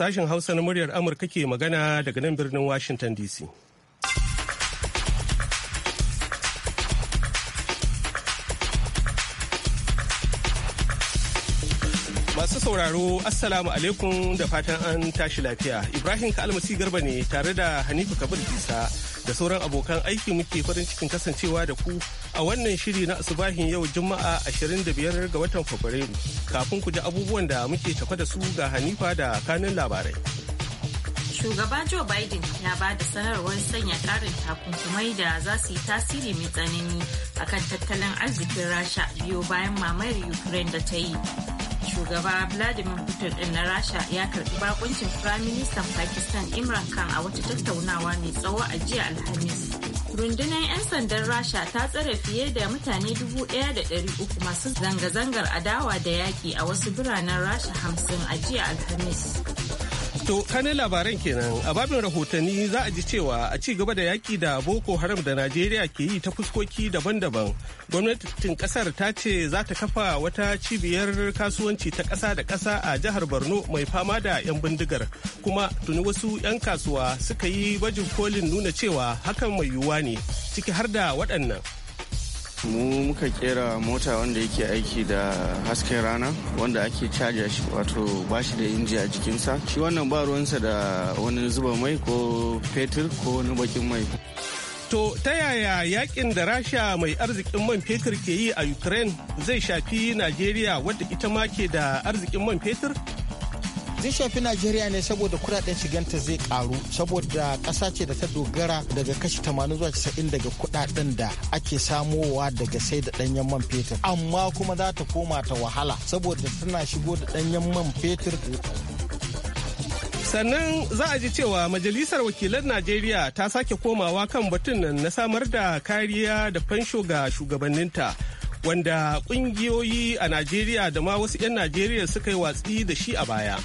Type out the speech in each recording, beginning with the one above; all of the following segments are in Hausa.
Sashen Hausa na muryar Amurka ke magana daga nan birnin Washington DC. Masu sauraro, Assalamu alaikum da fatan an tashi lafiya. Ibrahim Kalmasi Garba ne tare da Hanifu Kabir Isa. da sauran abokan aiki muke farin cikin kasancewa da ku a wannan shiri na asubahin yau juma'a 25 ga watan fabrairu kafin ku ji abubuwan da muke tafa da su ga hanifa da kanin labarai shugaba joe biden ya ba da sanarwar sanya karin takunkumai da za su yi tasiri mai tsanani akan tattalin arzikin rasha biyo bayan mamayar ukraine da ta yi shugaba vladimir putin din na rasha ya karɓi bakuncin firaministan pakistan imran khan a wata tattaunawa mai tsawo a jiya alhamis rundunar 'yan sandan rasha ta tsare fiye da mutane 1,300 masu zanga-zangar adawa da yaƙi a wasu biranen rasha hamsin a jiya alhamis To, kanin labaran kenan a babin rahotanni za a ji cewa a ci gaba da yaki da Boko Haram da Najeriya ke yi ta fuskoki daban-daban. Gwamnatin kasar ta ce za ta kafa wata cibiyar kasuwanci ta kasa da kasa a jihar Borno mai fama da 'yan bindigar. Kuma tuni wasu 'yan kasuwa suka yi bajin kolin nuna cewa hakan mai yiwuwa ne, ciki har da waɗannan. mu muka kera mota wanda yake aiki da hasken rana wanda ake caja shi wato bashi da inji a jikinsa shi wannan ba ruwansa da wani zuba mai ko fetur ko wani bakin mai To ta yaya yakin da Rasha mai arzikin man fetur ke yi a Ukraine zai shafi Najeriya wadda ita ma ke da arzikin man fetur? zai shafi najeriya ne saboda kudaden shiganta zai karu saboda kasa ce da ta dogara daga kashi 80 zuwa 90 daga kudaden da ake samowa daga sai da danyen man fetur amma kuma za ta koma ta wahala saboda tana shigo da danyen man fetur sannan za a ji cewa majalisar wakilan najeriya ta sake komawa kan batun na samar da kariya da fansho ga shugabanninta wanda kungiyoyi a najeriya da ma wasu 'yan najeriya suka yi watsi da shi a baya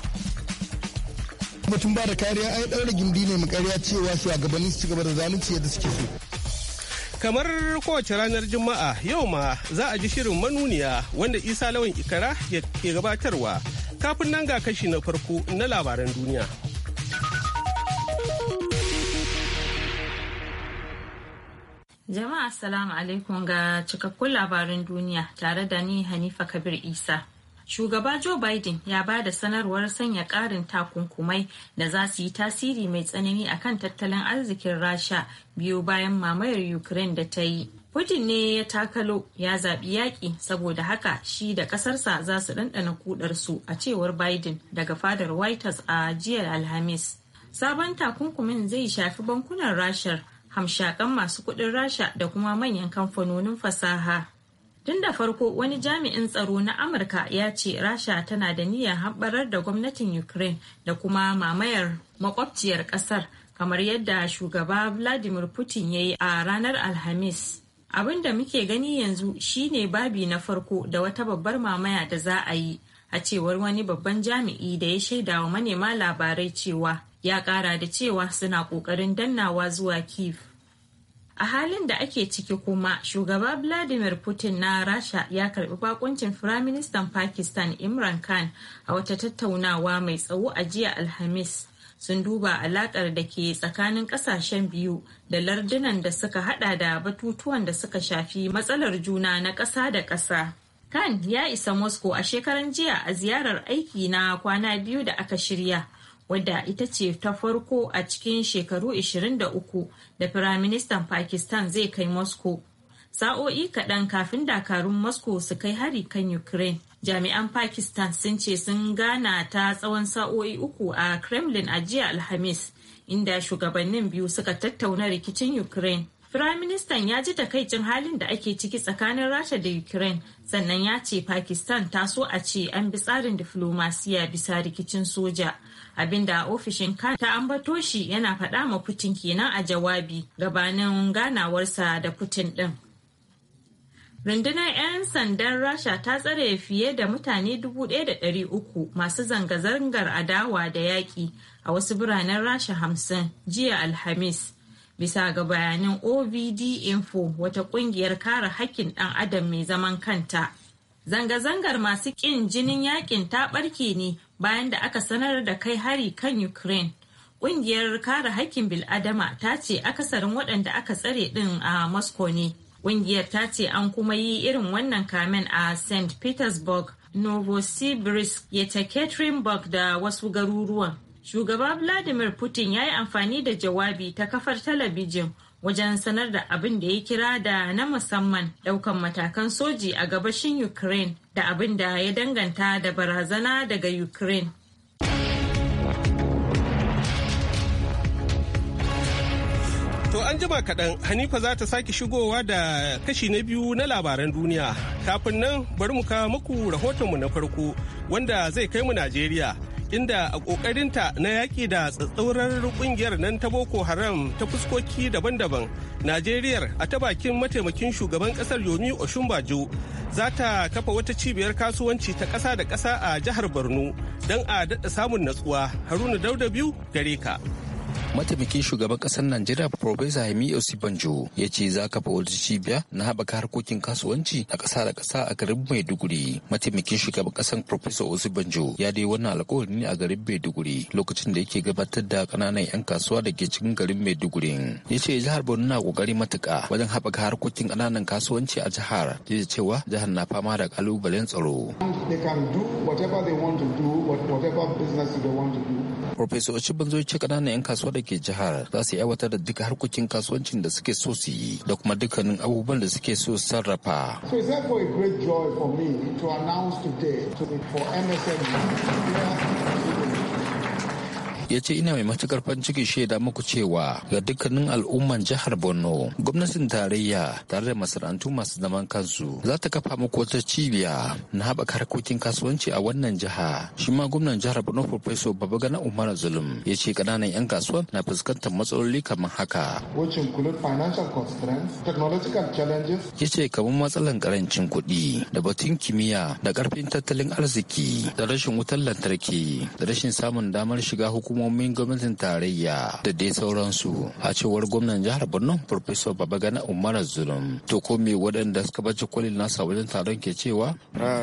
kuma tun ba da kariya ai daura gindi ne mu kariya cewa shugabanni su ci gaba da zalunci yadda suke so kamar kowace ranar juma'a yau ma za a ji shirin manuniya wanda isa lawan ikara ya ke gabatarwa kafin nan ga kashi na farko na labaran duniya jama'a assalamu alaikum ga cikakkun labaran duniya tare da ni hanifa kabir isa shugaba joe biden ya ba da sanarwar sanya karin takunkumai da za su yi tasiri mai tsanani a kan tattalin arzikin rasha biyu bayan mamayar ukraine da ta yi putin ne ya takalo ya zaɓi yaƙi saboda haka shi da ƙasarsa za su ɗanɗana kudarsu a cewar biden daga fadar white house a jiyar alhamis sabon takunkumin zai shafi bankunan rashar hamshakan masu kuɗin rasha da kuma manyan kamfanonin fasaha Tun da farko wani jami'in tsaro na Amurka ya ce Rasha tana da niyyar haɓarar da gwamnatin Ukraine da kuma mamayar makwabciyar ƙasar kamar yadda shugaba Vladimir Putin ya yi a ranar Alhamis. Abin da muke gani yanzu shine babi na farko da wata babbar mamaya da za a yi a cewar wani babban jami'i da ya shaida wa manema labarai cewa ya kara da cewa suna kokarin dannawa zuwa kiev a halin da ake ciki kuma shugaba vladimir putin na rasha ya karbi bakuncin firaministan pakistan imran khan a wata tattaunawa mai tsawo a jiya alhamis sun duba alaƙar da ke tsakanin ƙasashen biyu da lardunan da suka hada da batutuwan da suka shafi matsalar juna na ƙasa da ƙasa khan ya isa moscow a shekaran jiya a ziyarar aiki na kwana biyu da aka shirya wadda ita ce ta farko a cikin shekaru 23 da firaministan pakistan zai kai moscow sa'o'i kaɗan kafin dakarun moscow su kai hari kan ukraine jami'an pakistan sun ce sun gana ta tsawon sa'o'i uku a kremlin a jiya alhamis inda shugabannin biyu suka tattauna rikicin ukraine Firaministan ya ji takaicin halin da ake ciki tsakanin Rasha da Ukraine sannan ya ce Pakistan ta so a ce an bi tsarin diflomasiya bisa rikicin soja. Abinda ofishin kan ta ambato shi yana faɗa ma Putin kenan a jawabi gabanin ganawarsa da Putin ɗin. Rundunar 'yan sandan Rasha ta tsare fiye da mutane 1,300 masu zanga-zangar adawa da yaƙi a wasu biranen Rasha 50 jiya Alhamis. bisa ga bayanin ovd info wata kungiyar kare hakkin ɗan adam mai zaman kanta zanga-zangar masu ƙin jinin yakin ta ɓarke ne bayan da aka sanar da kai hari kan ukraine ƙungiyar kare hakkin bil'adama ta ce akasarin waɗanda aka tsare ɗin a moscow ne ƙungiyar ta ce an kuma yi irin wannan kamen a st petersburg novosibirsk yekaterinburg da wasu garuruwan shugaba vladimir putin ya yi amfani da jawabi ta kafar talabijin wajen sanar da abin da ya kira da na musamman daukan matakan soji a gabashin ukraine da abin da ya danganta da barazana daga ukraine To an jima kaɗan Hanifa za ta sake shigowa da kashi na biyu na labaran duniya. Kafin nan bari mu kawo muku mu na farko wanda zai kai mu Najeriya. inda a ƙoƙarinta na yaƙi da tsatsaurar ƙungiyar nan ta Boko Haram ta fuskoki daban-daban, Najeriya a ta bakin mataimakin shugaban ƙasar Yomi Oshunbajo za ta kafa wata cibiyar kasuwanci ta ƙasa da ƙasa a jihar Borno don a daɗa samun natsuwa. Haruna Dauda biyu gare ka. mataimakin shugaban kasar najeriya profesa hami osibanjo ya ce za ka wata cibiya na haɓaka harkokin kasuwanci a ƙasa da ƙasa a garin maiduguri mataimakin shugaban ƙasar profesa osibanjo ya dai wannan alƙawari ne a garin maiduguri lokacin da yake gabatar da ƙananan 'yan kasuwa da ke cikin garin maiduguri ya ce jihar borno na ƙoƙari matuƙa wajen haɓaka harkokin ƙananan kasuwanci a jihar ya cewa jihar na fama da ƙalubalen tsaro. Profesa Osibanjo ya ce ƙananan 'yan kasuwa kasuwa da ke jihar za su aiwatar da duka harkokin kasuwancin da suke so su yi da kuma dukkanin abubuwan da suke so sarrafa. So it's therefore a great joy for me to announce today to the, for MSME. Yeah. ya ce ina mai matukar farin ciki shaida muku cewa ga dukkanin al'umman jihar borno gwamnatin tarayya tare da masana'antu masu zaman kansu za ta kafa muku wata cibiya na haɓaka harkokin kasuwanci a wannan jiha shi ma gwamnan jihar borno professor babagana umar zulum ya ce ƙananan 'yan kasuwa na fuskantar matsaloli kamar haka ya ce kamar matsalan karancin kuɗi da batun kimiyya da ƙarfin tattalin arziki da rashin wutar lantarki da rashin samun damar shiga hukumar hukumomin gwamnatin tarayya da dai sauransu a cewar gwamnan jihar borno professor babagana umar zulum to ko me waɗanda suka bace kwalil nasa wajen taron ke cewa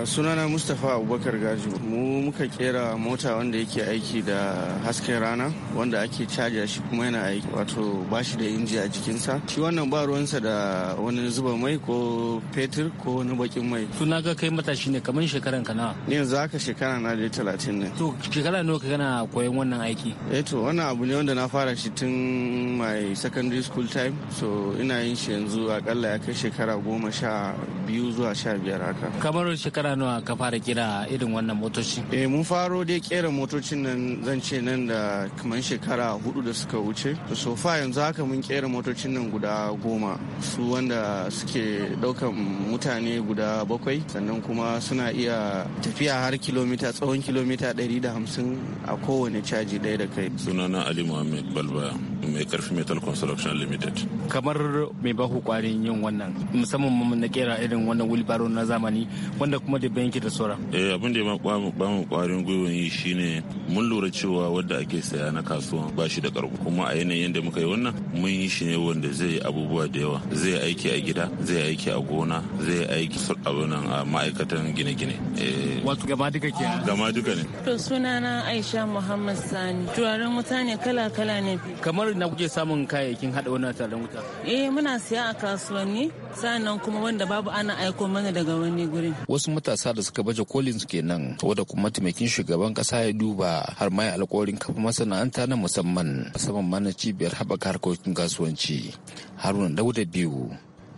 sunana mustapha abubakar gaji mu muka kera mota wanda yake aiki da hasken rana wanda ake caja shi kuma yana aiki wato bashi da inji a jikinsa shi wannan ba ruwansa da wani zuba mai ko fetur ko wani bakin mai suna ga kai matashi ne kamar shekaran kana ne yanzu haka shekara na da talatin ne to shekara nawa kana koyon wannan aiki aiki? Eh to wannan abu ne wanda na fara shi tun mai secondary school time so ina yin shi yanzu akalla ya kai shekara goma sha biyu zuwa sha biyar haka. Kamar shekara nawa ka fara kira irin wannan motoci? Eh mun faro dai kera motocin nan zan ce nan da kamar shekara hudu da suka wuce. So fa yanzu haka mun kera motocin nan guda goma su wanda suke daukan mutane guda bakwai sannan kuma suna iya tafiya har kilomita tsawon kilomita 150 a kowane caji ɗaya. ɗaya da kai sunana ali muhammed balba mai karfi metal construction limited kamar mai baku kwarin yin wannan musamman na kera irin wannan wilbaro na zamani wanda kuma da banki da sauran eh abin da ya ba mu kwarin gwiwon yi shine mun lura cewa wanda ake saya na kasuwa ba shi da karfi kuma a yanayin da muka yi wannan mun yi shi ne wanda zai abubuwa da yawa zai aiki a gida zai aiki a gona zai aiki a ma'aikatan gine-gine eh. wato gama duka ke gama duka ne to sunana aisha muhammad sani turaren wuta ne kala-kala ne. Kamar na kuke samun kayayyakin haɗa wannan turaren wuta? Eh muna siya a kasuwanni sannan kuma wanda babu ana aiko mana daga wani gurin. Wasu matasa da suka baje kolin su kenan wadda kuma mataimakin shugaban kasa ya duba har ma ya alƙawarin kafa masana'anta na musamman musamman ma na cibiyar haɓaka harkokin kasuwanci. Haruna Dauda biyu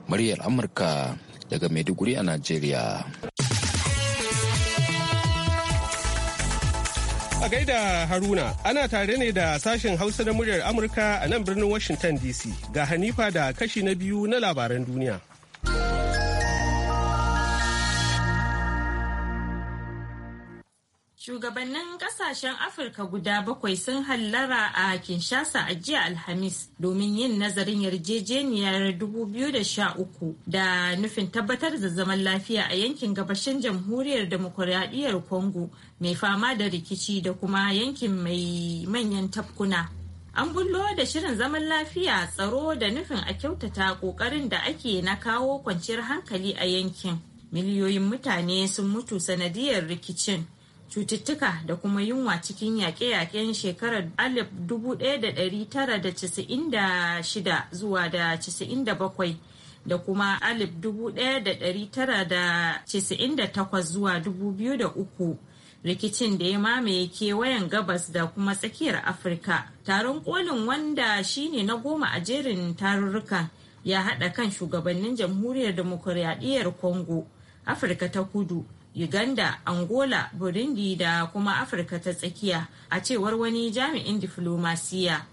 muryar Amurka daga Maiduguri a Najeriya. A gaida Haruna, ana tare ne da sashen Hausa na muryar Amurka a nan birnin Washington DC ga Hanifa da kashi na biyu na labaran duniya. Shugabannin kasashen Afirka guda bakwai sun hallara a Kinshasa a jiya Alhamis domin yin nazarin yarjejeniyar 2013 da nufin tabbatar da zaman lafiya a yankin gabashin jamhuriyar demokuraɗiyyar Congo mai fama da rikici da kuma yankin mai manyan tafkuna. An bullo da shirin zaman lafiya tsaro da nufin a kyautata ƙoƙarin da ake na kawo kwanciyar hankali a yankin. Miliyoyin mutane sun mutu sanadiyar rikicin, cututtuka da kuma yunwa cikin yaƙe-yaƙen shekarar 1996 zuwa da 97. da kuma 1998 zuwa 2003 rikicin da ya mamaye kewayen gabas da kuma tsakiyar afirka taron kolin wanda shine na goma a jerin tarurrukan ya haɗa kan shugabannin jamhuriyar demokuraɗiyyar congo afirka ta kudu uganda angola burundi da kuma afirka ta tsakiya a cewar wani jami'in diflomasiya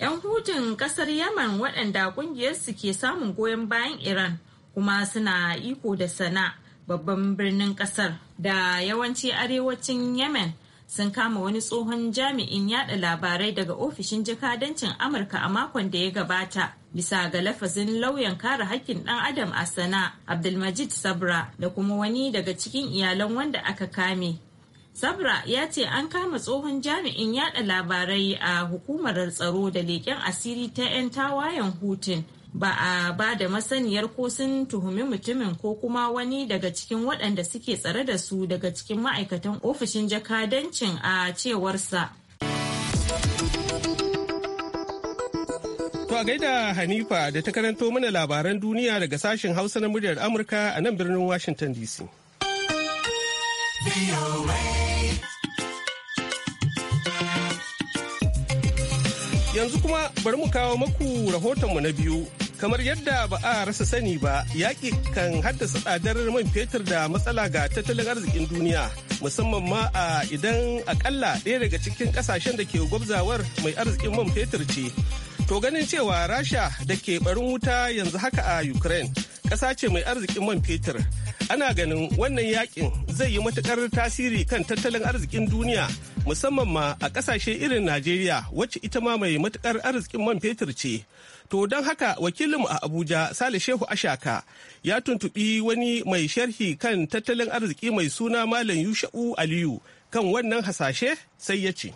'yan hutun kasar yaman waɗanda ƙungiyarsu ke samun goyon bayan iran kuma suna iko da sana'a. babban birnin kasar da yawanci arewacin yemen sun kama wani tsohon jami'in yada labarai daga ofishin jakadancin amurka a makon da ya gabata bisa ga lafazin lauyan kare hakkin dan adam a sana abdulmajid sabra da kuma wani daga cikin iyalan wanda aka kame sabra ya ce an kama tsohon jami'in yada labarai a hukumar tsaro da leƙen asiri ta 'yan tawayen hutun ba a ba da masaniyar ko sun tuhumi mutumin ko kuma wani daga cikin waɗanda suke tsare da su daga cikin ma'aikatan ofishin jakadancin a cewarsa. To a gaida Hanifa da ta karanto mana labaran duniya daga sashen Hausa na muryar Amurka a nan birnin Washington DC. Yanzu kuma bari mu kawo maku rahotonmu na biyu kamar yadda ba a rasa sani ba yaƙi kan haddasa tsadar man fetur da matsala ga tattalin arzikin duniya musamman ma a idan akalla ɗaya daga cikin ƙasashen da ke gwabzawar mai arzikin man fetur ce to ganin cewa rasha da ke barin wuta yanzu haka a ukraine ƙasa ce mai arzikin man fetur ana ganin wannan yakin zai yi matukar tasiri kan tattalin arzikin duniya musamman ma a ƙasashe irin najeriya wacce ita ma mai matukar arzikin man fetur ce to don haka wakilinmu a abuja sale shehu ashaka ya tuntubi wani mai sharhi kan tattalin arziki mai suna malam yusha'u aliyu kan wannan hasashe sai ya ce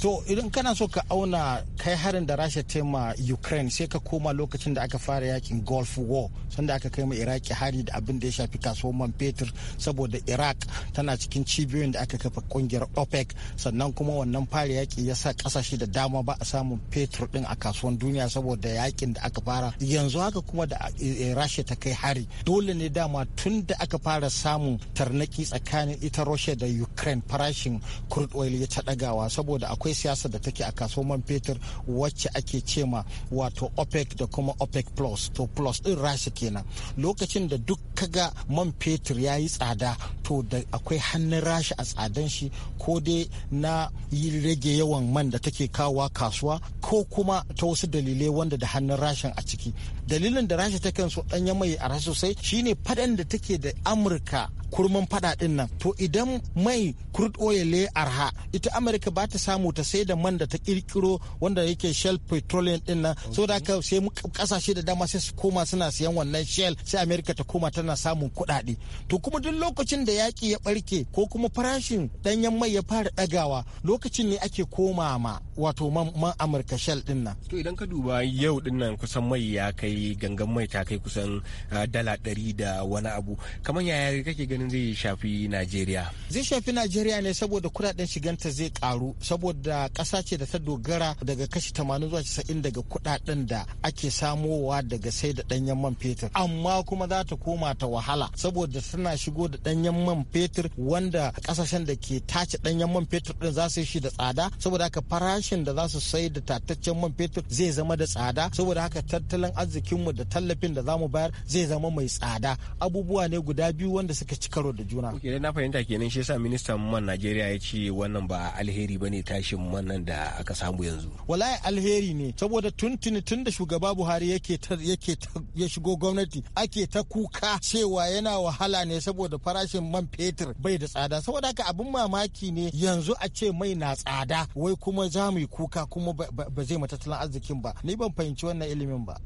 To idan kana so ka auna kai harin da Rasha ta ma Ukraine sai ka koma lokacin da aka fara yakin Gulf War sanda aka kai ma Iraki hari da abin da ya shafi kasuwar man fetur saboda Iraq tana cikin cibiyoyin da aka kafa kungiyar OPEC sannan kuma wannan fara yaki ya sa kasashe da dama ba a samun fetur din a kasuwan duniya saboda yakin da aka fara yanzu haka kuma da eh, Rasha ta kai hari dole ne dama tun da aka fara samun tarnaki tsakanin ita Rasha da Ukraine farashin crude oil ya ta dagawa saboda akwai siyasa da take a kasuwar man fetur wacce ake cema wato opec da kuma opec plus to plus din rasha kenan lokacin da duk kaga man fetur ya yi tsada to da akwai hannun rashi a tsadan shi ko dai na yi rage yawan man da take kawowa kasuwa ko kuma ta wasu dalilai wanda da hannun rashin a ciki dalilin da rashi ta kansu ya mai a rashi sosai shine fadan da take da amurka kurman fada din nan to idan mai crude oil ya arha ita amurka ba ta samu ta sai da man da ta kirkiro wanda yake shell petroleum din nan so da ka sai kasashe da dama sai su koma suna siyan wannan shell sai amurka ta koma tana samun kuɗaɗe to kuma duk lokacin da yaƙi ya ɓarke ko kuma farashin ɗanyen mai ya fara ɗagawa lokacin ne ake koma ma wato man amurka shell ɗin nan. to idan ka duba yau ɗin nan kusan mai ya kai gangan mai ta kai kusan ah, dala ɗari da wani abu kamar yaya kake ganin zai shafi najeriya. zai shafi najeriya ne saboda kuɗaɗen shiganta zai ƙaru saboda ƙasa ce da ta dogara daga kashi tamanin zuwa casa'in daga kuɗaɗen da ake samowa daga sai da ɗanyen man fetur amma kuma za ta koma ta wahala saboda tana shigo da ɗanyen man fetur wanda kasashen da ke tace danyen man fetur din za su yi shi da tsada saboda haka farashin da za su sai da tataccen man fetur zai zama da tsada saboda haka tattalin arzikinmu da tallafin da zamu mu bayar zai zama mai tsada abubuwa ne guda biyu wanda suka ci karo da juna. Ok, na fahimta kenan shi yasa ministan man Najeriya ya ce wannan ba alheri ba ne tashin man nan da aka samu yanzu. Wallahi alheri ne saboda tuntuni tun da shugaba Buhari yake yake ya shigo gwamnati ake ta kuka cewa yana wahala ne saboda farashin man man fetur bai da tsada saboda haka abin mamaki ne yanzu a ce mai na tsada wai kuma za mu yi kuka kuma ba zai matattalin arzikin ba ni ban fahimci wannan ilimin ba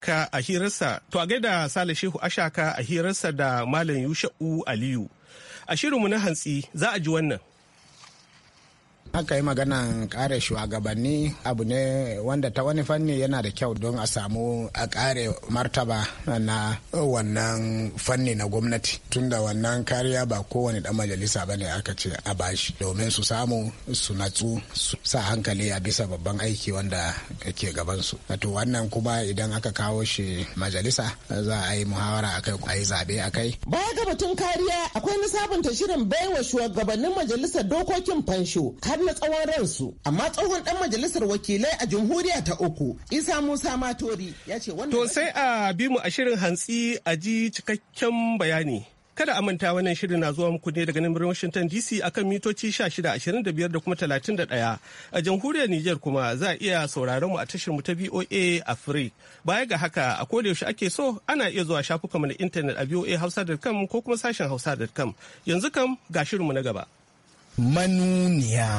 ka a hirarsa, to a gaida Sale Shehu Ashaka a hirarsa da Malam Yusha'u Aliyu. A shirinmu na hantsi za a ji wannan. aka yi maganan kare shugabanni abu ne wanda ta wani fanni yana da kyau don a samu a kare martaba na wannan fanni na gwamnati tunda wannan kariya ba kowane dan majalisa bane aka ce a bashi domin su samu su natsu su sa hankali a bisa babban aiki wanda ke gabansu wato wannan kuma idan aka kawo shi majalisa za a yi muhawara akai a yi zabe akai baya ga batun kariya akwai na sabunta shirin baiwa shugabannin majalisar dokokin fansho har na tsawon ransu amma tsohon dan majalisar wakilai a jamhuriya ta uku isa musa matori ya ce wannan to sai a bi mu a shirin hantsi a ji cikakken bayani kada a manta wannan shirin na zuwa muku ne daga nan Washington DC akan mitoci 1625 da kuma 31 a jamhuriyar Niger kuma za a iya sauraron mu a tashar mu ta VOA free baya ga haka a koda yaushe ake so ana iya zuwa shafukanmu na intanet a voahausa.com ko kuma sashen hausa.com yanzu kam ga shirin mu na gaba manuniya.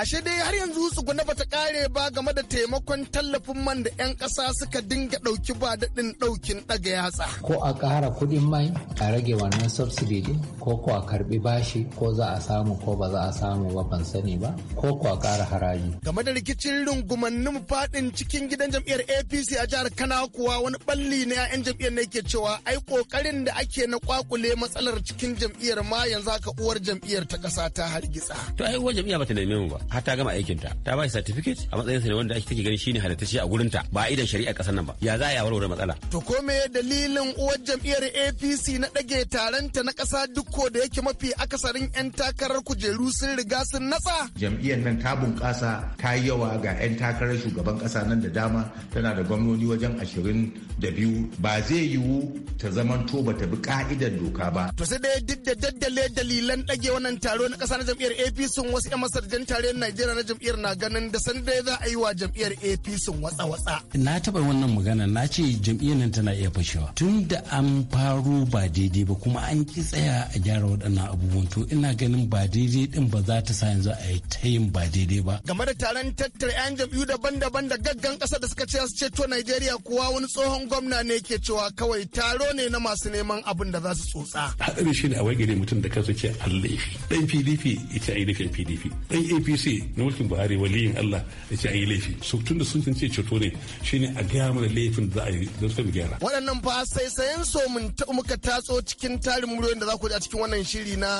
ashe dai har yanzu tsuguna bata kare ba game da taimakon tallafin man da 'yan kasa suka dinga ɗauki ba daɗin ɗaukin ɗaga yatsa. Ko a ƙara kuɗin mai a rage wannan subsidy din ko ko a karɓi bashi ko za a samu ko ba za a samu ba ban sani ba ko ko a ƙara haraji. Game da rikicin rungumannin faɗin cikin gidan jam'iyyar APC a jihar Kano kuwa wani balli ne 'ya'yan jam'iyyar ne ke cewa ai ƙoƙarin da ake na kwakule matsalar cikin jam'iyyar ma yanzu haka uwar jam'iyyar ta ƙasa ta hargitsa. To ai uwar jam'iyya bata neme mu ba har ta gama aikinta ta ba shi certificate a matsayin sa ne wanda ake take gani shine halattacce a gurin ta ba idan shari'a kasar nan ba ya za a warware matsala to ko me dalilin uwar jam'iyyar APC na dage taron ta na kasa dukko da yake mafi akasarin yan takarar kujeru sun riga sun natsa jam'iyyar nan ta bunkasa ta yawa ga yan takarar shugaban kasa nan da dama tana da gwamnoni wajen ashirin da biyu ba zai yiwu ta zaman to ba ta bi ka'idar doka ba to sai dai duk da daddale dalilan dage wannan taro na kasa na jam'iyyar APC wasu 'yan masarjan tare Najeriya na jam'iyyar na na ganin da san dai za a yi wa jam'iyyar apc watsa-watsa na taɓa wannan magana na ce jam'iyyar nan tana iya fashewa tun da an faro ba daidai ba kuma an ki tsaya a gyara waɗannan abubuwan to ina ganin ba daidai din ba za ta sa yanzu a yi ta yin ba daidai ba game da taron tattara 'yan jam'iyyu daban-daban da gaggan ƙasa da suka ce su to najeriya kuwa wani tsohon gwamna ne ke cewa kawai taro ne na masu neman abin da za su tsotsa haɗari shi ne a wagire mutum da kansa ce allah dan pdp ita a yi pdp dan apc na mulkin buhari waliyin Allah ya ce a yi laifi so tun da sun ce ceto ne shine a gaya mana laifin da za a yi don sai mu gyara waɗannan fa sai sayan so mun muka tatso cikin tarin muryoyin da za ku ji a cikin wannan shiri na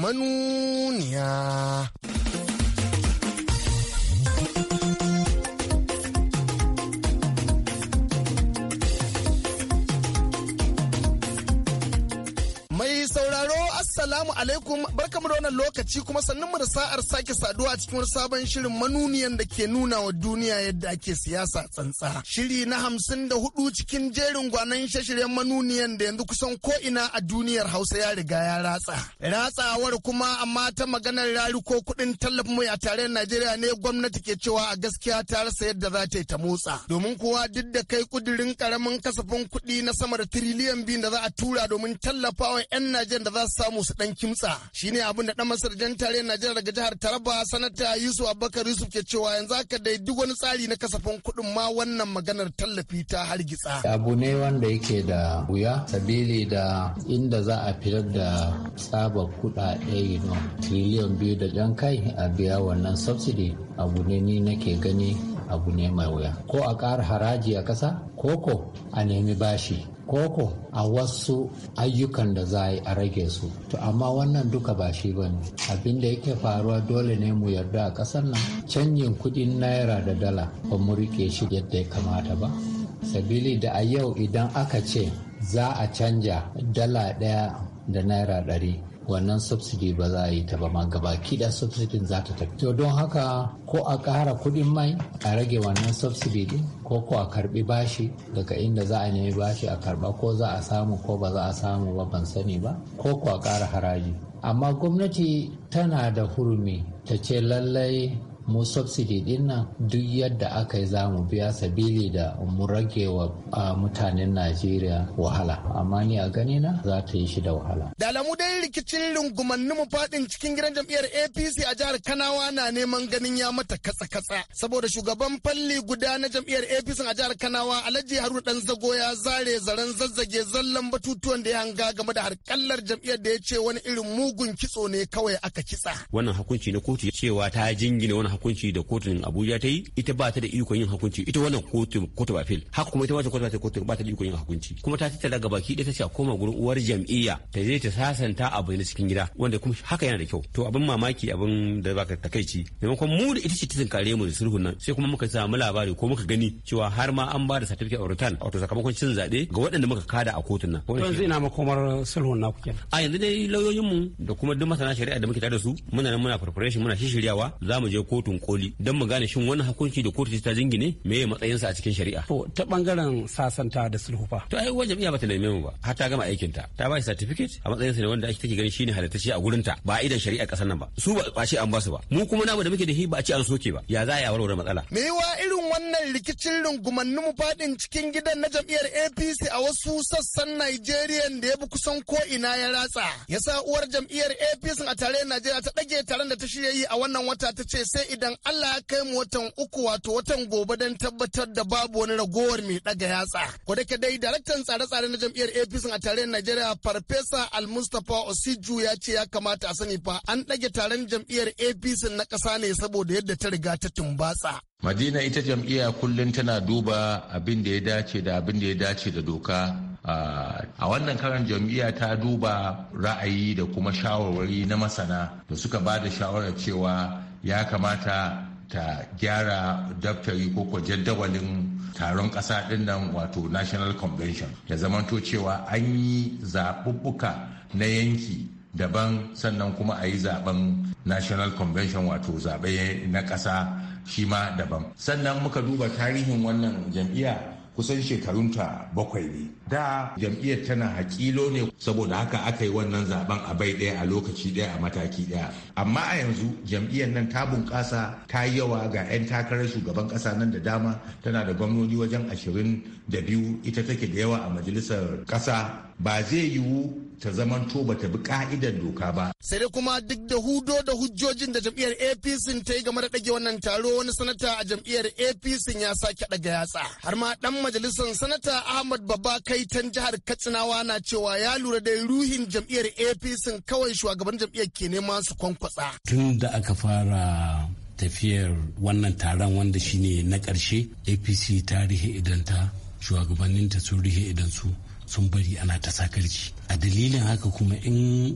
manuniya alaikum barkamu da wannan lokaci kuma sannan mu da sa'ar sake saduwa a cikin wani sabon shirin manuniyan da ke nuna wa duniya yadda ake siyasa tsantsa. Shiri na hamsin da hudu cikin jerin gwanan shashiryan manuniyan da yanzu kusan ko ina a duniyar Hausa ya riga ya ratsa. Ratsawar kuma amma ta maganar rari ko kuɗin tallafin mai a tarayyar Najeriya ne gwamnati ke cewa a gaskiya ta rasa yadda za ta yi ta motsa. Domin kuwa duk da kai kudirin karamin kasafin kuɗi na sama da tiriliyan biyu da za a tura domin tallafawa 'yan Najeriya da za su samu su ɗan shi ne abin da ɗan masar jan tare Najeriya daga jihar Taraba sanata Yusuf Abubakar Yusuf ke cewa yanzu haka dai duk wani tsari na kasafin kuɗin ma wannan maganar tallafi ta hargitsa. Abu ne wanda yake da wuya sabili da inda za a fitar da tsabar kuɗaɗe triliyan biyu da jan kai a biya wannan subsidy abu ne ni nake gani abu ne mai wuya ko a ƙara haraji a ƙasa ko ko a nemi bashi koko a wasu ayyukan da za a rage su to amma wannan duka ba shi ba ne abin da yake faruwa dole ne mu yarda a ƙasar nan canjin kuɗin naira da dala ba mu rike shi yadda ya kamata ba sabili da a yau idan aka ce za a canja dala ɗaya da naira ɗari wannan subsidy ba za a yi ta ba ma Gaba da subsidin za ta tafi. To don haka ko a ƙara kuɗin mai a rage wannan subsidy din ko ko a karbi bashi daga inda za a nemi bashi a karba ko za a samu ko ba za a samu ba ban sani ba ko ko a ƙara haraji amma gwamnati tana da hurumi ta ce lallai mu subsidy din nan duk yadda aka yi za mu biya sabili da mu rage wa mutanen najeriya wahala amma ni a gani na za ta yi shi da wahala da alamu dai rikicin rungumannin mu fadin cikin gidan jam'iyyar apc a jihar kanawa na neman ganin ya mata katsa-katsa saboda shugaban falli guda na jam'iyyar apc a jihar kanawa alhaji haruna dan zago ya zare zaren zazzage zallan batutuwan da ya hanga game da harkallar jam'iyyar da ya ce wani irin mugun kitso ne kawai aka kitsa wannan hukunci na kotu cewa ta jingina hukunci da kotun Abuja ta yi ita ba ta da ikon yin hukunci ita wannan kotun kotu appeal haka kuma ita ta kotu ta kotu ba ta da ikon yin hukunci kuma ta tattara ga baki ɗaya ta ce koma gurin uwar jam'iyya ta je ta sasanta a bayyana cikin gida wanda kuma haka yana da kyau to abin mamaki abin da baka takaici maimakon mu da ita ce ta tunkare mu da sulhun nan sai kuma muka samu labari ko muka gani cewa har ma an ba da certificate of return wato sakamakon cin zaɓe ga waɗanda muka kada a kotun nan. yanzu ina makomar sulhun na kenan. a yanzu dai lauyoyinmu da kuma duk masana shari'a da muke tare da su muna nan muna preparation muna shishiryawa za mu je kotu kotun koli don mu gane shin wani hakunci da kotu ta jingine me ya matsayinsa a cikin shari'a. To ta bangaren sasanta da sulhu To ai wajen iya bata neme mu ba har ta gama aikin ta ta ba shi certificate a matsayinsa ne wanda ake take ganin shine shi a gurin ta ba idan shari'a kasar nan ba su ba a ce an ba ba mu kuma namu da muke da shi ba a ce an soke ba ya za a warware matsala. Me wa irin wannan rikicin rungumannin mu fadin cikin gidan na jam'iyyar APC a wasu sassan Najeriya da ya bi kusan ko ina ya ratsa. yasa uwar jam'iyyar APC a tare Najeriya ta dage taron da ta shirya yi a wannan wata ta ce sai idan Allah ya kai mu watan uku wato watan gobe don tabbatar da babu wani ragowar mai daga yatsa. Ko da dai daraktan tsare-tsare na jam'iyyar APC a tarayyar Najeriya Farfesa Al-Mustapha Osiju ya ce ya kamata a sani fa an ɗage taron jam'iyyar APC na ƙasa ne saboda yadda ta riga ta tumbatsa. Madina ita jam'iyya kullum tana duba abin da ya dace da abin da ya dace da doka a wannan karan jam'iyya ta duba ra'ayi da kuma shawarwari na masana da suka ba da shawarar cewa ya kamata ta gyara daftari ko ko jaddawalin taron ƙasa ɗin nan wato national convention ya zamanto cewa an yi zaɓuɓɓuka na yanki daban sannan kuma a yi zaɓen national convention wato zaɓe na ƙasa shi ma daban sannan muka duba tarihin wannan jam'iyya kusan shekarunta bakwai ne da jam'iyyar tana hakilo ne saboda haka aka yi wannan zaben a bai ɗaya a lokaci ɗaya a mataki ɗaya amma a yanzu jam'iyyar nan ta bunƙasa ta yawa ga 'yan takarar shugaban ƙasa nan da dama tana da gwamnoni wajen ashirin da biyu ita take da yawa a majalisar ƙasa ba zai yiwu ta zamanto ba ta bi ka'idar doka ba. Sai dai kuma duk da hudo da hujjojin da jam'iyyar APC ta yi game da ɗage wannan taro wani sanata a jam'iyyar APC ya sake ɗaga yatsa. Har ma ɗan majalisar sanata Ahmad Baba tan jihar Katsinawa na cewa ya lura da ruhin jam'iyyar APC kawai shugaban jam'iyyar ke nema su kwankwasa. Tun da aka fara tafiyar wannan taron wanda shine na ƙarshe apc ta rihe idanta shugabanninta sun rihe su. sun bari ana ta sakarci a dalilin haka kuma in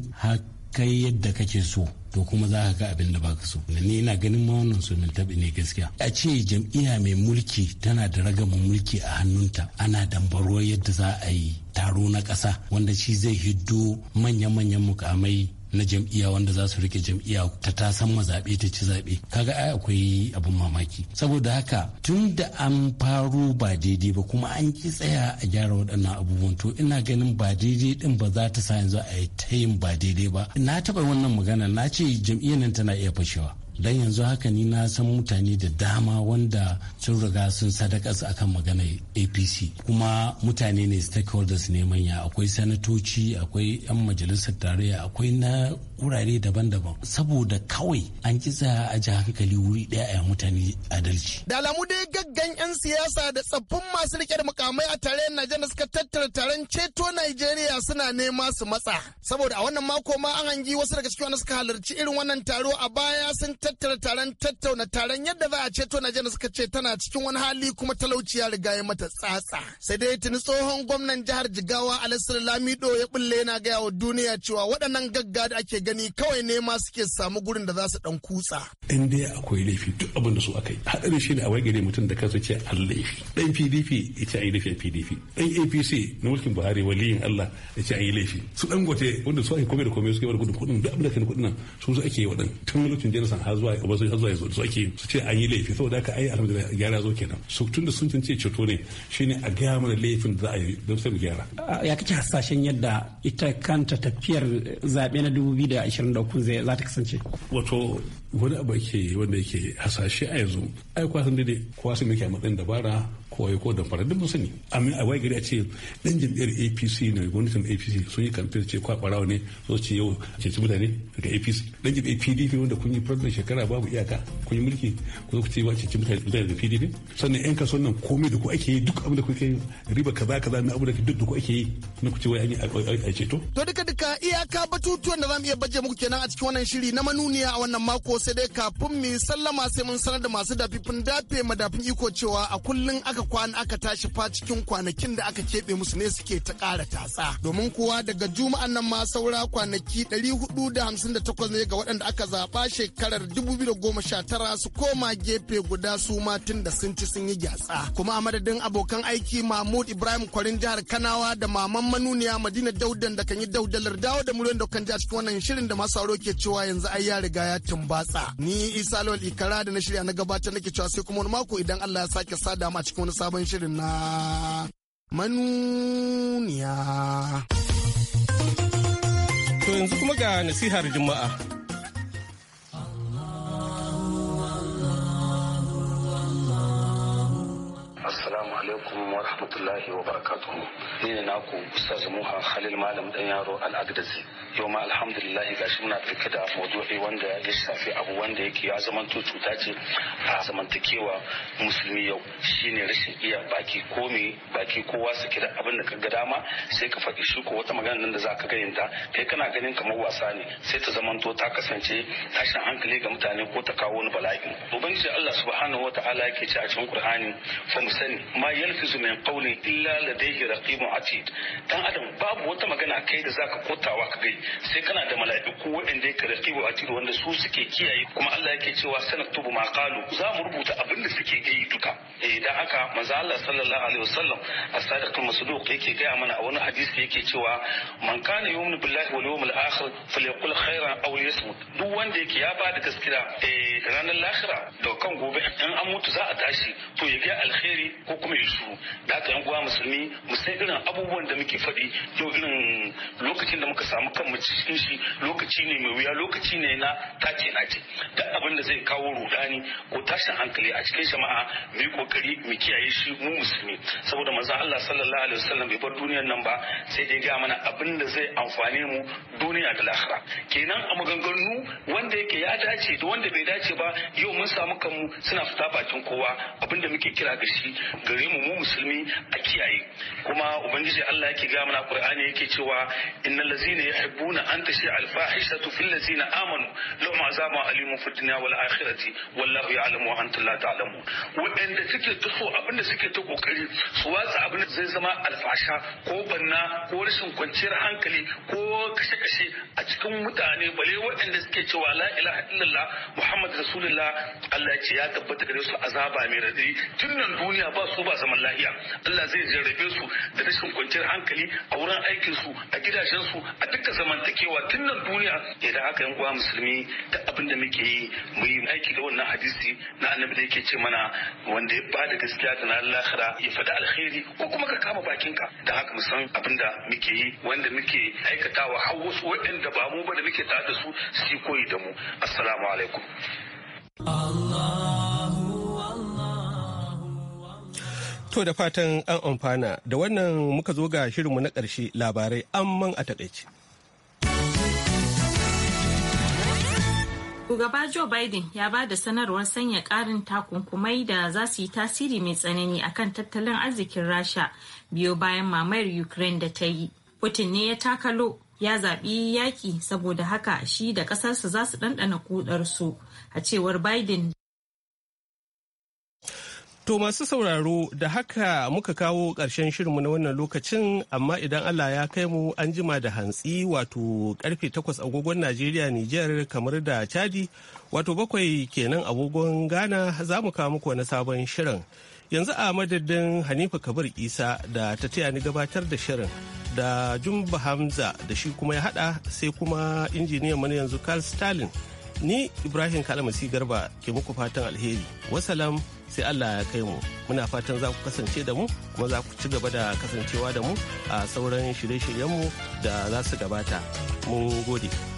kai yadda kake so to kuma za ka ga abin da baka so ni ina ganin ma wannan min tabi ne gaskiya a ce jam'iyya mai mulki tana da ragamin mulki a hannunta ana dambaro yadda za a yi taro na ƙasa wanda shi zai hiddo manya-manyan mukamai na jam'iyya wanda za su rike jam'iyya ta tasan mazaɓe ta ci zaɓe kaga ai akwai abin mamaki saboda haka tun da an faro ba daidai ba kuma an ki tsaya a gyara waɗannan abubuwan to ina ganin ba daidai din ba za ta sa yanzu a yi ta yin ba daidai ba na taɓa wannan magana na ce jam'iyyar nan tana iya fashewa dan yanzu haka ni na san mutane da dama wanda sun riga sun sadakas akan maganar apc kuma mutane ne stakeholders ne manya akwai sanatoci akwai 'yan majalisar tarayya akwai na wurare daban-daban saboda kawai an ki tsaya a ji hankali wuri daya a mutane adalci da alamu dai gaggan 'yan siyasa da tsaffin masu rike da mukamai a tarayyar najeriya da suka tattara taron ceto nigeria suna nema su matsa saboda a wannan mako ma an hangi wasu daga cikin wanda suka halarci irin wannan taro a baya sun tattara taron tattauna taron yadda za a ceto nigeria suka ce tana cikin wani hali kuma talauci ya riga ya mata tsatsa sai dai tuni tsohon gwamnan jihar jigawa alassar lamido ya bulle yana gaya wa duniya cewa waɗannan gagga da ake gani kawai ne ma suke samu gurin da za su dan kutsa in dai akwai laifi duk abin da su aka yi haɗarin shi ne a wagere mutum da kansa ce an laifi ɗan pdp ya ce an yi laifi a pdp ɗan apc na mulkin buhari waliyin allah ya ce an yi laifi su ɗan gote wanda su ake komai da komai su ke bada kuɗin kuɗin duk abin da kan kuɗin nan su su ake yi waɗannan. tun mulkin jenisan har zuwa har zuwa yanzu su ake su ce an yi laifi saboda ka ai alhamdulillah gyara zo kenan so tun da sun tantance ceto ne shine a gaya mana laifin da za a yi don sai mu gyara ya kace hasashen yadda ita kanta tafiyar eh, zaɓe na 2023 za ta kasance wato wani abu ke wanda yake hasashe a yanzu ai kwasan daidai kowa sun yake a matsayin dabara ko ya ko damfara duk mun sani Amin a wai gari a ce dan jam'iyyar APC ne gwamnatin APC sun yi kamfe ce kwa barawa ne so ce yau ce ci mutane daga APC dan jam'iyyar PDP wanda kun yi president shekara babu iyaka kun yi mulki ku zo ku ce ce ci mutane daga PDP sannan yan kaso nan komai da ku ake yi duk abin da kuke yi riba kaza kaza na abu da duk da ku ake yi na ku ce wai an yi a ceto to duka duka iyaka batutuwan da zamu iya baje muku kenan a cikin wannan shiri na manuniya a wannan mako sai dai kafin mu sallama sai mun sanar da masu dafifin dafe madafin iko cewa a kullun aka kwana aka tashi fa cikin kwanakin da aka keɓe musu ne suke ta ƙara tatsa. Domin kuwa daga juma'an nan ma saura kwanaki 458 ne ga waɗanda aka zaɓa shekarar 2019 su koma gefe guda su ma tun da sun ci sun yi gyatsa. Kuma a madadin abokan aiki Mahmud Ibrahim Kwarin jihar Kanawa da Maman Manuniya Madina Daudan da kan yi daudalar dawo da miliyan da kan ji a cikin wannan shirin da masu ke cewa yanzu ai ya riga ya tumba. ni isa lawal ikara da na shirya na gabatar nake cewa sai kuma wani mako idan allah ya sake sada mu a cikin wani sabon shirin na manuniya to yanzu kuma ga nasihar juma'a assalamu alaikum wa rahmatullahi wa barakatuhu ni ne naku ustaz muha khalil malam dan yaro al-agdazi yau ma alhamdulillah gashi muna ɗauke da maudu'i wanda ya shafi abu wanda yake ya zamanto cuta ce a zamantakewa musulmi yau shine rashin iya baki ko baki kowa su kira abin da kaga dama sai ka faɗi shi ko wata magana nan da za ka ganin ta kai kana ganin kamar wasa ne sai ta zamanto ta kasance tashin hankali ga mutane ko ta kawo wani bala'i ubangiji Allah subhanahu wa yake ce a cikin Qur'ani fa sani ma yalfizu min qawlin illa ladayhi raqibun atid dan adam babu wata magana kai da zaka kotawa ka gai sai kana da mala'iku waɗanda yake raqibu atid wanda su suke kiyaye kuma Allah yake cewa sanaktubu ma qalu za mu rubuta abin da suke gai duka eh dan haka manzo Allah sallallahu alaihi wasallam as-sadiqul masduq yake gaya mana a wani hadisi yake cewa man kana yu'minu billahi wal yawmil akhir falyaqul khairan aw liyasmut duk wanda yake ya bada gaskiya eh ranar lahira daga kan gobe in an mutu za a tashi to ya ga alkhairi ko kuma ya su da haka yan uwa musulmi musai san irin abubuwan da muke faɗi yau irin lokacin da muka samu kanmu cikin shi lokaci ne mai wuya lokaci ne na tace nace da abin da zai kawo rudani ko tashin hankali a cikin jama'a mu yi kokari mu kiyaye shi mu musulmi saboda manzo Allah sallallahu alaihi wasallam bai bar duniyar nan ba sai dai ga mana abin da zai amfane mu duniya da lahira kenan a maganganu wanda yake ya dace da wanda bai dace ba yau mun samu kanmu suna fita bakin kowa abin da muke kira ga shi gare mu mu musulmi a kiyaye kuma ubangiji Allah yake ga mana Qur'ani yake cewa innal ladzina yuhibbuna an tashi al fahishatu fil ladzina amanu lahum azabun alimun fid dunya wal akhirati wallahu ya'lamu wa antum la ta'lamun wanda suke tuso abinda suke ta kokari su watsa abin da zai zama alfasha ko banna ko rashin kwanciyar hankali ko kashe-kashe a cikin mutane bale waɗanda suke cewa la ilaha illallah muhammad rasulullah Allah ya ce ya tabbata gare su azaba mai radadi tun nan duniya lahiya ba su ba zaman lahiya Allah zai jarrabe su da rashin kwanciyar hankali a wurin aikin su a gidajen su a dukkan zamantakewa tun nan duniya idan aka yi musulmi da abin da muke yi mu yi aiki da wannan hadisi na annabi da yake ce mana wanda ya ba da gaskiya da na lahira ya faɗi alheri ko kuma ka kama bakinka da haka mu san abin da muke yi wanda muke aikatawa har wasu waɗanda ba mu ba da muke tare da su su koyi da mu assalamu alaikum To da fatan an amfana da wannan muka zo ga shirinmu na ƙarshe labarai amman a taɗaice. Shugaba Joe Biden ya ba da sanarwar sanya ƙarin takunkumai da za su yi tasiri mai tsanani akan tattalin arzikin Rasha biyo bayan mamayar Ukraine da ta yi. Putin ne ya takalo ya zaɓi yaƙi saboda haka shi da ƙasarsa za su ɗanɗana kudarsu a cewar Biden To masu sauraro da haka muka kawo ƙarshen shirinmu na wannan lokacin amma idan Allah ya kai mu an jima da hantsi wato karfe takwas agogon Najeriya Nijar kamar da Chadi wato bakwai kenan agogon Ghana za mu kawo muku wani sabon shirin. Yanzu a madadin Hanifa Kabir Isa da ta taya ni gabatar da shirin da Jumba Hamza da shi kuma ya haɗa sai kuma injiniyan mana yanzu Carl Stalin. Ni Ibrahim Kalamasi Garba ke muku fatan alheri. Wasalam. sai Allah ya kai mu muna fatan za ku kasance da mu kuma za ku ci gaba da kasancewa da mu a sauran shirye-shiryenmu da za su gabata mun gode.